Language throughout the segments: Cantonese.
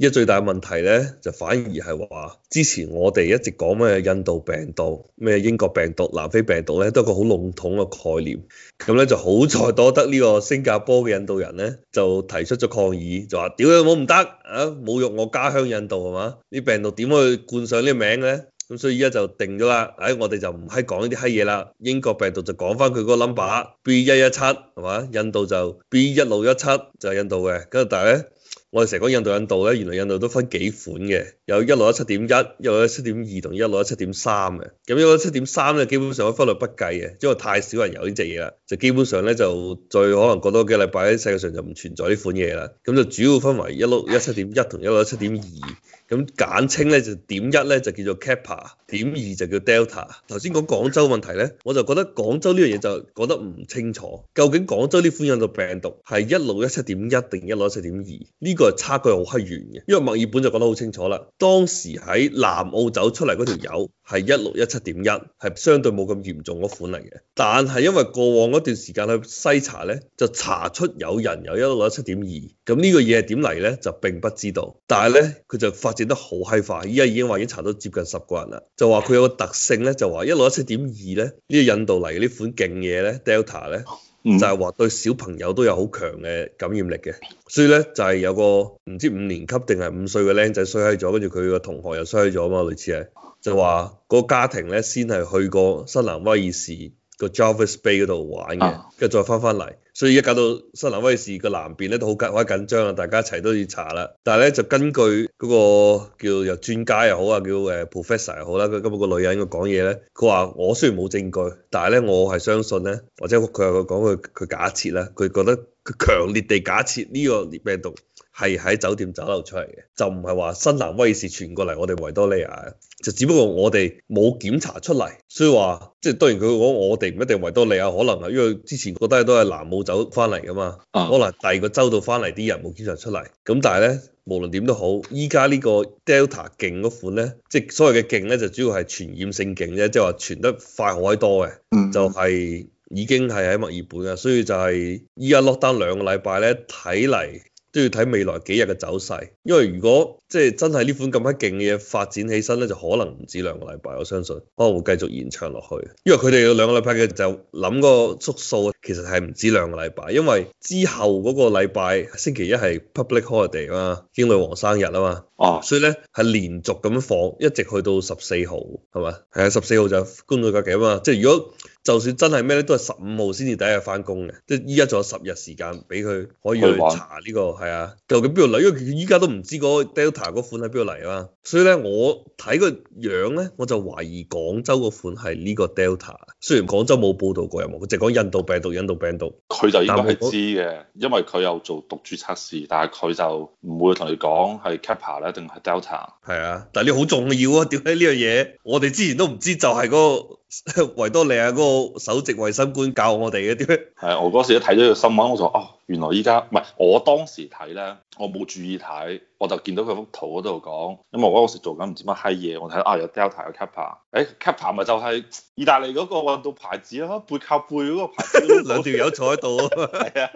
一最大嘅問題咧，就反而係話之前我哋一直講咩印度病毒、咩英國病毒、南非病毒呢都係個好籠統嘅概念。咁呢就好彩多得呢個新加坡嘅印度人呢，就提出咗抗議，就話：屌你老母唔得啊！侮辱我家鄉印度係嘛？啲病毒點可以冠上呢個名呢？」咁所以而家就定咗啦。誒、哎，我哋就唔係講呢啲閪嘢啦。英國病毒就講翻佢嗰個 number B 一一七係嘛？印度就 B 一六一七就係印度嘅。咁但係咧。我哋成日講印度印度咧，原來印度都分幾款嘅，有一六一七點一，一六一七點二同一六一七點三嘅。咁一六一七點三咧，基本上我忽略不計嘅，因為太少人有呢隻嘢啦，就基本上咧就最可能過多幾個禮拜喺世界上就唔存在呢款嘢啦。咁就主要分為一六一七點一同一六一七點二，咁簡稱咧就點一咧就叫做 Kappa，點二就叫 Delta。頭先講廣州問題咧，我就覺得廣州呢樣嘢就講得唔清楚，究竟廣州呢款印度病毒係一六一七點一定一六一七點二？呢個係差距好閪遠嘅，因為墨爾本就覺得好清楚啦。當時喺南澳走出嚟嗰條友係一六一七點一，係相對冇咁嚴重嗰款嚟嘅。但係因為過往嗰段時間去篩查咧，就查出有人有一六一七點二。咁呢個嘢係點嚟咧？就並不知道。但係咧，佢就發展得好閪快，依家已經話已經查到接近十個人啦。就話佢有個特性咧，就話一六一七點二咧，呢個印度嚟呢款勁嘢咧，Delta 咧。就係話對小朋友都有好強嘅感染力嘅，所以呢，就係有個唔知五年級定係五歲嘅僆仔衰閪咗，跟住佢個同學又衰咗啊嘛，類似係就話個家庭呢，先係去過新南威爾士。個 Java Bay 嗰度玩嘅，跟住再翻翻嚟，所以而家搞到新南威士個南邊咧都好緊，好緊張啊！大家一齊都要查啦。但係咧就根據嗰個叫又專家又好啊，叫誒 professor 又好啦，佢今日個女人佢講嘢咧，佢話我雖然冇證據，但係咧我係相信咧，或者佢又講佢佢假設啦，佢覺得佢強烈地假設呢個病毒。係喺酒店走漏出嚟嘅，就唔係話新南威士傳過嚟，我哋維多利亞，就只不過我哋冇檢查出嚟，所以話即係當然佢講我哋唔一定維多利亞可能啊，因為之前覺得都係南澳走返嚟㗎嘛，可能第二個州度返嚟啲人冇檢查出嚟。咁但係咧，無論點都好，依家呢個 Delta 勁嗰款咧，即係所謂嘅勁咧，就主要係傳染性勁啫，即係話傳得快好多嘅，就係已經係喺墨爾本啊，所以就係依家 lockdown 兩個禮拜咧，睇嚟。都要睇未來幾日嘅走勢，因為如果即係、就是、真係呢款咁閪勁嘅嘢發展起身咧，就可能唔止兩個禮拜。我相信可能會繼續延長落去，因為佢哋兩個禮拜嘅就諗個縮數，其實係唔止兩個禮拜，因為之後嗰個禮拜星期一係 public holiday 啊嘛，英女王生日啊嘛。哦，啊、所以咧係連續咁樣放，一直去到十四號，係嘛？係啊，十四號就公眾假期啊嘛。即係如果。就算真係咩咧，都係十五號先至第一日翻工嘅，即係依家仲有十日時間俾佢可以去查呢、個係啊玩，究竟邊度嚟？因為佢依家都唔知個 Delta 個款喺邊度嚟啦，所以咧我睇個樣咧，我就懷疑廣州款個款係呢個 Delta。雖然廣州冇報道過有冇，佢淨係講印度病毒、印度病毒。佢就應該係知嘅，我因為佢有做毒株測試，但係佢就唔會同你講係 Kappa 咧定係 Delta。係啊，但係你好重要啊！點解呢樣嘢我哋之前都唔知就係嗰、個。維多利亞嗰個首席衛生官教我哋嘅啲係啊，我嗰時一睇咗條新聞，我就啊、哦，原來依家唔係我當時睇咧，我冇注意睇，我就見到佢幅圖嗰度講，因為我嗰時做緊唔知乜閪嘢，我睇啊有 Delta 有 Kappa，誒、哎、Kappa 咪就係意大利嗰個運動牌子咯、啊，背靠背嗰個牌子、那個，兩條友坐喺度 啊。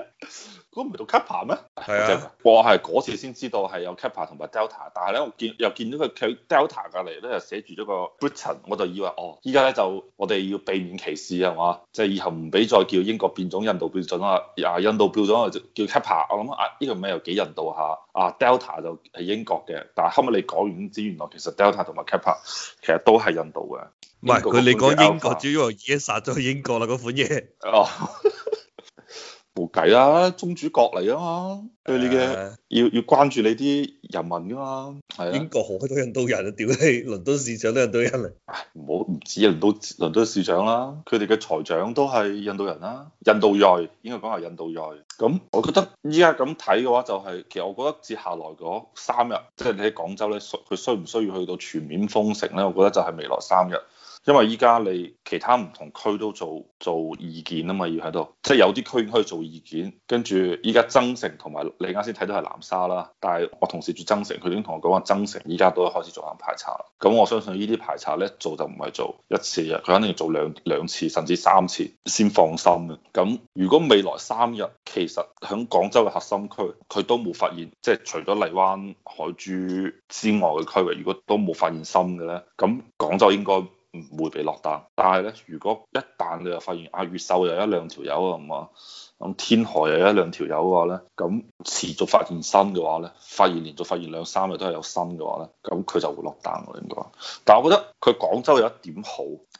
嗰唔係讀 Kappa 咩？係啊，我係嗰次先知道係有 Kappa 同埋 Delta，但係咧我見又見到個 Delta 隔離咧又寫住咗個 Britain，我就以為哦，依家咧就我哋要避免歧視係嘛，即係、就是、以後唔俾再叫英國變種、印度變種啦。啊，印度變種就叫 Kappa，我諗啊，呢、這個名又幾印度下。啊，Delta 就係英國嘅，但係後尾你講完先知原來其實 Delta 同埋 Kappa 其實都係印度嘅。唔係佢你講英國，主要已經殺咗去英國啦嗰款嘢。哦。 冇計啊，宗主國嚟啊嘛，對你嘅要要關注你啲人民噶嘛，係啊。啊英國好多印，印，、啊、印度人啊，屌你，倫敦市長都印度人嚟。唔好唔止印度倫敦市長啦，佢哋嘅財長都係印度人啦，印度裔應該講係印度裔。咁我覺得依家咁睇嘅話、就係，就係其實我覺得接下來嗰三日，即、就、係、係、你喺廣州咧，佢需唔需要去到全面封城咧？我覺得就係未來三日。因為依家你其他唔同區都做做意見啊嘛，要喺度，即係有啲區已經可以做意見，跟住依家增城同埋你啱先睇到係南沙啦，但係我同事住增城，佢已經同我講話增城依家都開始做緊排查，咁我相信呢啲排查呢，做就唔係做一次嘅，佢肯定要做兩兩次甚至三次先放心嘅。咁如果未來三日其實喺廣州嘅核心區，佢都冇發現，即係除咗荔灣、海珠之外嘅區域，如果都冇發現新嘅呢，咁廣州應該。唔會被落單，但係咧，如果一旦你又發現啊，越秀又一兩條友啊，咁啊，咁天河又一兩條友嘅話咧，咁持續發現新嘅話咧，發現連續發現兩三日都係有新嘅話咧，咁佢就會落單嘅應該。但係我覺得佢廣州有一點好，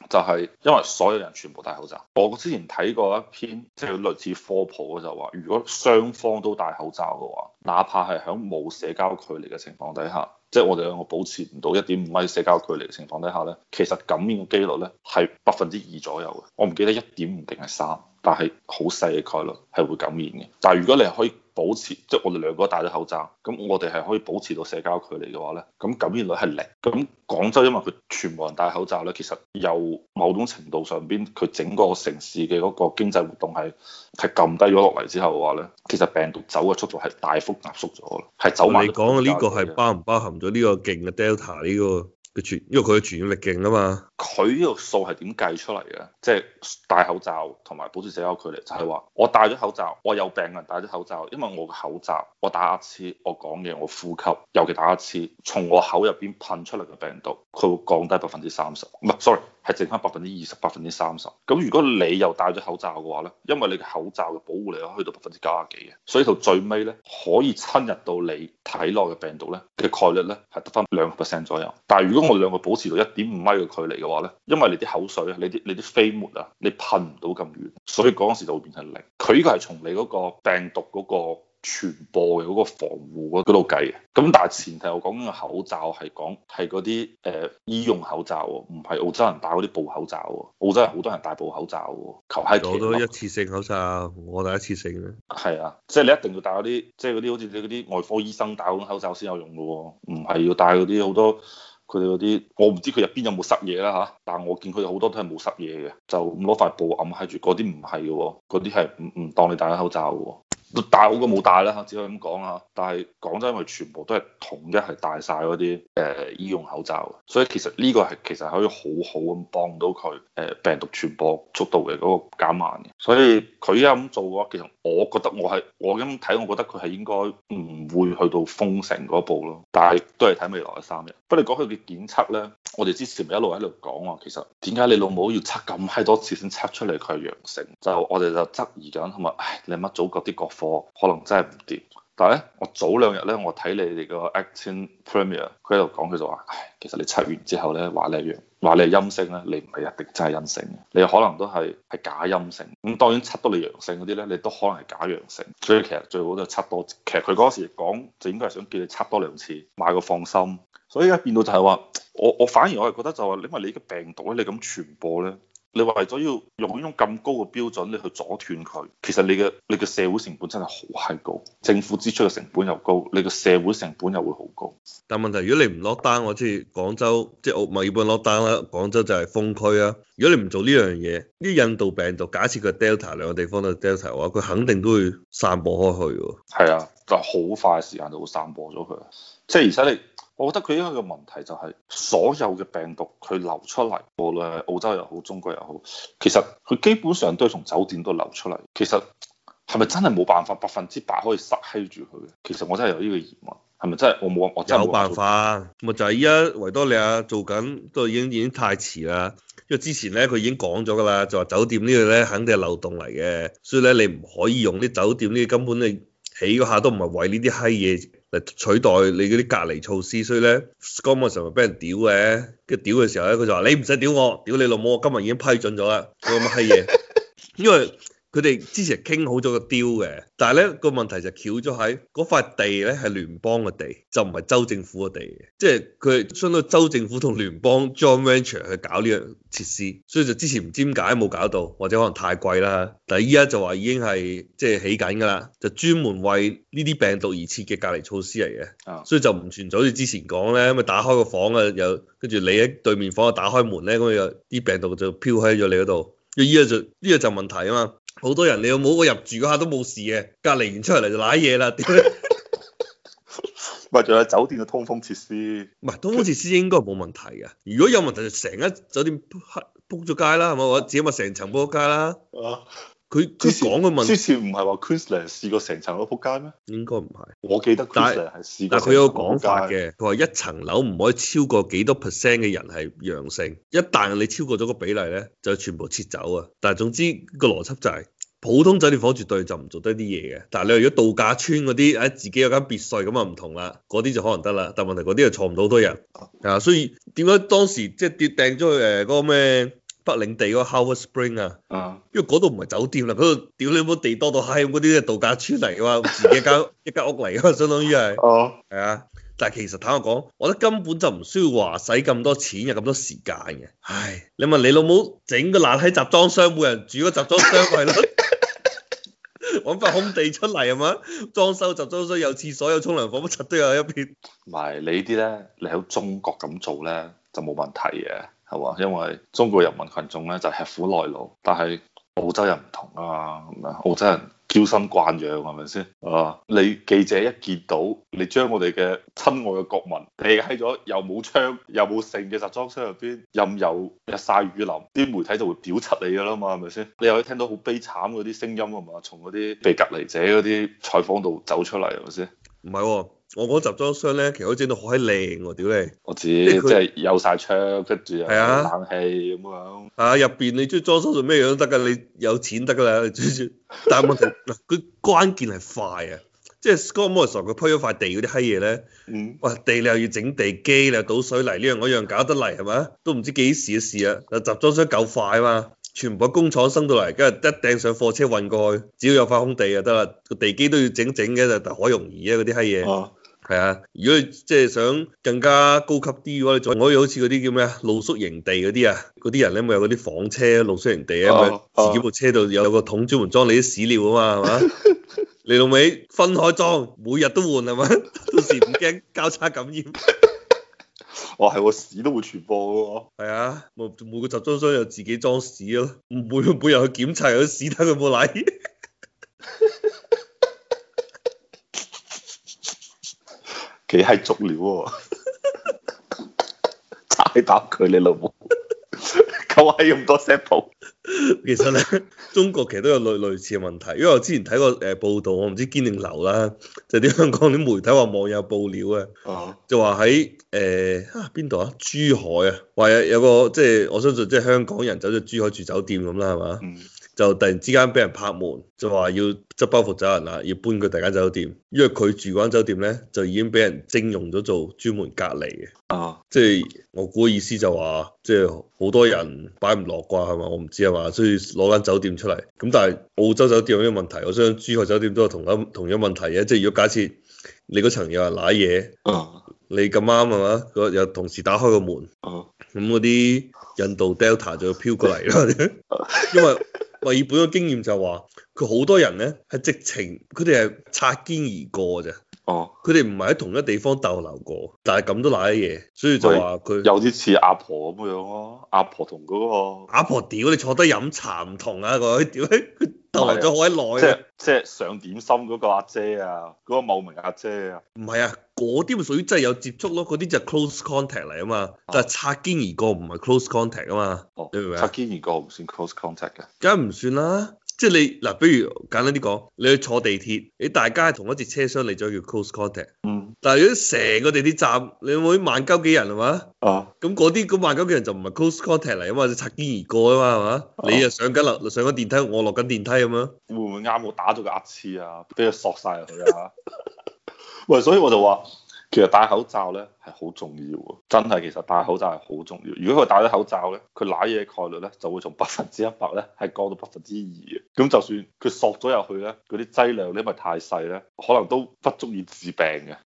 就係因為所有人全部戴口罩。我之前睇過一篇即係類似科普嘅就話，如果雙方都戴口罩嘅話，哪怕係喺冇社交距離嘅情況底下。即係我哋兩個保持唔到一點五米社交距離嘅情況底下咧，其實感染嘅幾率咧係百分之二左右嘅。我唔記得一點五定係三，但係好細嘅概率係會感染嘅。但係如果你係可以，保持即係我哋兩個戴咗口罩，咁我哋係可以保持到社交距離嘅話咧，咁感染率係零。咁廣州因為佢全部人戴口罩咧，其實由某種程度上邊，佢整個城市嘅嗰個經濟活動係係撳低咗落嚟之後嘅話咧，其實病毒走嘅速度係大幅壓縮咗。係走慢啲㗎。你講呢個係包唔包含咗呢個勁嘅 Delta 呢、呢個嘅傳，因為佢嘅傳染力勁啊嘛。佢呢個數係點計出嚟嘅？即係戴口罩同埋保持社交距離，就係話我戴咗口罩，我有病嘅人戴咗口罩，因為我嘅口罩我打一次，我講嘢我呼吸，尤其打一次，從我口入邊噴出嚟嘅病毒，佢會降低百分之三十，唔係，sorry，係剩翻百分之二十百分之三十。咁如果你又戴咗口罩嘅話呢，因為你嘅口罩嘅保護力可以去到百分之九十幾嘅，所以到最尾呢，可以侵入到你體內嘅病毒呢嘅概率呢，係得翻兩個 percent 左右。但係如果我哋兩個保持到一點五米嘅距離，話咧，因為你啲口水啊，你啲你啲飛沫啊，你噴唔到咁遠，所以嗰陣時就會變成零。佢依個係從你嗰個病毒嗰個傳播嘅嗰個防護嗰度計嘅。咁但係前提我講緊個口罩係講係嗰啲誒醫用口罩喎，唔係澳洲人戴嗰啲布口罩喎。澳洲人好多人戴布口罩喎，求閪。我都一次性口罩，我戴一次性嘅。係啊，即係你一定要戴嗰啲，即係嗰啲好似你嗰啲外科醫生戴嗰種口罩先有用嘅喎，唔係要戴嗰啲好多。佢哋嗰啲，我唔知佢入邊有冇塞嘢啦嚇，但我見佢好多都係冇塞嘢嘅，就咁攞塊布揞住，嗰啲唔係嘅，嗰啲係唔唔當你戴口罩喎。都戴好過冇戴啦，只可以咁講啊！但係講真，因為全部都係統一係戴晒嗰啲誒醫用口罩，所以其實呢個係其實可以好好咁幫到佢誒病毒傳播速度嘅嗰個減慢嘅。所以佢依家咁做嘅話，其實我覺得我係我咁睇，我覺得佢係應該唔會去到封城嗰步咯。但係都係睇未來嘅三日。不過你講佢嘅檢測呢，我哋之前咪一路喺度講話，其實點解你老母要測咁閪多次先測出嚟佢係陽性？就我哋就質疑緊同埋，唉，你乜祖國啲國我可能真係唔掂，但係咧，我早兩日咧，我睇你哋個 Acting Premier，佢喺度講，佢就話，唉，其實你測完之後咧，話你係陽，話你係陰性咧，你唔係一定真係陰性嘅，你可能都係係假陰性。咁當然測到你陽性嗰啲咧，你都可能係假陽性。所以其實最好就測多，其實佢嗰時講就應該係想叫你測多兩次，買個放心。所以而家變到就係話，我我反而我係覺得就話，因為你嘅病毒咧，你咁傳播咧。你話為咗要用呢種咁高嘅標準，你去阻斷佢，其實你嘅你嘅社會成本真係好閪高，政府支出嘅成本又高，你嘅社會成本又會好高。但問題如果你唔落單，我知廣州即係澳墨爾本落單啦，廣州就係封區啊。如果你唔做呢樣嘢，呢印度病毒，假設佢係 Delta 兩個地方都係 Delta 嘅話，佢肯定都會散播開去。係啊，就好快時間就會散播咗佢。即係而且你。我覺得佢應該個問題就係所有嘅病毒佢流出嚟，無論係澳洲又好、中國又好，其實佢基本上都係從酒店度流出嚟。其實係咪真係冇辦法百分之百可以塞喺住佢？其實我真係有呢個疑問，係咪真係我冇我真係冇辦,辦法？咪就係依家維多利亞做緊都已經已經太遲啦，因為之前咧佢已經講咗噶啦，就話酒店呢個咧肯定係漏洞嚟嘅，所以咧你唔可以用啲酒店呢根本你。起嗰下都唔係為呢啲閪嘢嚟取代你嗰啲隔離措施，所以咧，剛嗰時候咪俾人屌嘅，跟住屌嘅時候咧，佢就話：「你唔使屌我，屌你老母！我今日已經批准咗啦，屌乜閪嘢？因為……佢哋之前傾好咗個 deal 嘅，但係咧個問題就翹咗喺嗰塊地咧係聯邦嘅地，就唔係州政府嘅地，即係佢相當州政府同聯邦 joint venture 去搞呢樣設施，所以就之前唔知點解冇搞到，或者可能太貴啦。但係依家就話已經係即係起緊㗎啦，就專門為呢啲病毒而設嘅隔離措施嚟嘅，所以就唔存在好似之前講咧咁啊，打開個房啊，又跟住你喺對面房啊，打開門咧咁啊，啲病毒就飄喺咗你嗰度。依家就依、呢個就問題啊嘛～好多人，你有冇我入住嗰下都冇事嘅，隔離完出嚟就瀨嘢啦。點解咪仲有酒店嘅通風設施，唔係通風設施應該冇問題嘅。如果有問題就成間酒店黑撲咗街啦，係咪？或者起碼成層撲咗街啦。啊！ 佢佢講嘅問題，之前唔係話 Crystal 試過成層樓撲街咩？應該唔係，我記得 Crystal 係試過但。但係佢有講法嘅，佢話一層樓唔可以超過幾多 percent 嘅人係陽性，一旦你超過咗個比例咧，就全部撤走啊！但係總之、個邏輯就係、是、普通酒店房絕對就唔做得啲嘢嘅。但係你如果度假村嗰啲，誒自己有間別墅咁啊唔同啦，嗰啲就可能得啦。但係問題嗰啲又坐唔到好多人啊，所以點解當時即係跌定咗去誒嗰個咩？北領地嗰個 Howard Spring 啊，uh, 因為嗰度唔係酒店啦，嗰度屌你冇地多到閪咁，嗰啲度假村嚟嘅嘛，自己間一間 屋嚟嘅，相當於係，係、uh, 啊，但係其實坦白講，我覺得根本就唔需要話使咁多錢有咁多時間嘅，唉，你問你老母整個爛喺集裝箱，冇人住個集裝箱係咯，搵塊、 啊、空地出嚟係嘛，裝修集裝箱有廁所有沖涼房，乜柒都有一邊。唔係 你呢啲咧，你喺中國咁做咧就冇問題嘅。因為中國人民群眾咧就吃苦耐勞，但係澳洲人唔同啊，咁樣澳洲人嬌生慣養係咪先？啊，你記者一見到，你將我哋嘅親愛嘅國民匿喺咗又冇槍又冇剩嘅集裝箱入邊，任由日曬雨淋，啲媒體就會屌柒你㗎啦嘛，係咪先？你又可以聽到好悲慘嗰啲聲音啊嘛，從嗰啲被隔離者嗰啲採訪度走出嚟係咪先？唔係喎。我講集裝箱咧，其實可以整到好閪靚喎，屌你！我指即係有晒窗，跟住啊，冷氣咁樣。啊！入邊你中意裝修做咩樣都得噶，你有錢得噶啦，最主要。但係問題嗱，佢 關鍵係快啊，即係 Scott Morrison 佢鋪咗塊地嗰啲閪嘢咧。嗯。喂，地你又要整地基，你又倒水泥呢樣嗰樣，搞得嚟係咪啊？都唔知幾時嘅事啊！啊，集裝箱夠快啊嘛。全部工廠生到嚟，跟住一掟上貨車運過去，只要有塊空地就得啦，個地基都要整整嘅，就好容易啊，嗰啲閪嘢，係啊。如果即係想更加高級啲嘅話，你仲可以好似嗰啲叫咩啊露宿營地嗰啲啊，嗰啲人咧咪有嗰啲房車露宿營地啊，咪自己部車度有個桶專門裝你啲屎尿啊嘛，係嘛？你老 尾分開裝，每日都換係嘛， 到時唔驚交叉感染。 哇！係個、哦、屎都會傳播噶喎，係啊，每每個集裝箱又自己裝屎咯，每每日去檢查嗰屎睇佢冇禮，幾係足料，啊。踩踏佢你老母，咁係用多 set 鋪。 其實咧，中國其實都有類類似嘅問題，因為我之前睇過誒、呃、報道，我唔知堅定流啦，就係、是、啲香港啲媒體話網友報料嘅，啊、就話喺誒啊邊度啊珠海啊，話有有個即係、就是、我相信即係香港人走咗珠海住酒店咁啦，係嘛。嗯就突然之間俾人拍門，就話要執包袱走人啦，要搬佢第二間酒店，因為佢住嗰間酒店咧就已經俾人徵用咗做專門隔離嘅，啊，即係我估意思就話，即係好多人擺唔落啩係嘛，我唔知係嘛，所以攞間酒店出嚟。咁但係澳洲酒店有咩問題？我想珠海酒店都有同一同樣問題嘅，即係如果假設你嗰層有人瀨嘢，啊，oh，你咁啱係嘛，嗰又同時打開個門，啊，咁嗰啲印度 Delta 就要飄過嚟啦，因為。墨爾本個經驗就話佢好多人咧係直情佢哋係擦肩而過啫，佢哋唔係喺同一地方逗留過，但係咁都賴啲嘢，所以就話佢有啲似阿婆咁樣咯，啊，阿婆同嗰個、啊、阿婆屌你坐低飲茶唔同啊佢屌 就留咗好閪耐啊！即係，即係上點心嗰個阿姐啊，嗰個茂名阿姐啊。唔係啊，嗰啲咪屬於真係有接觸咯，嗰啲就係 close contact 嚟啊嘛。但係擦肩而過，唔係 close contact 啊嘛。哦。你明唔明啊？擦肩而過唔算 close contact 噶，梗係唔算啦。即係你嗱，比如簡單啲講，你去坐地鐵，你大家係同一隻車廂嚟，咗，叫 close contact。嗯。但係如果成個地鐵站，你會萬幾人係嘛？哦、啊。咁嗰啲咁萬幾人就唔係 close contact 嚟啊嘛，即擦肩而過啊嘛係嘛？啊、你又上緊樓上緊電梯，我落緊電梯咁樣。啊、會唔會啱我打咗個乞嗤啊？俾佢索曬佢啊！喂， 所以我就話。其實戴口罩咧係好重要的，真係其實戴口罩係好重要。如果佢戴咗口罩咧，佢攋嘢嘅概率咧就會從百分之一百咧係降到百分之二。咁就算佢索咗入去咧，嗰啲劑量咧咪太細咧，可能都不足以致病嘅。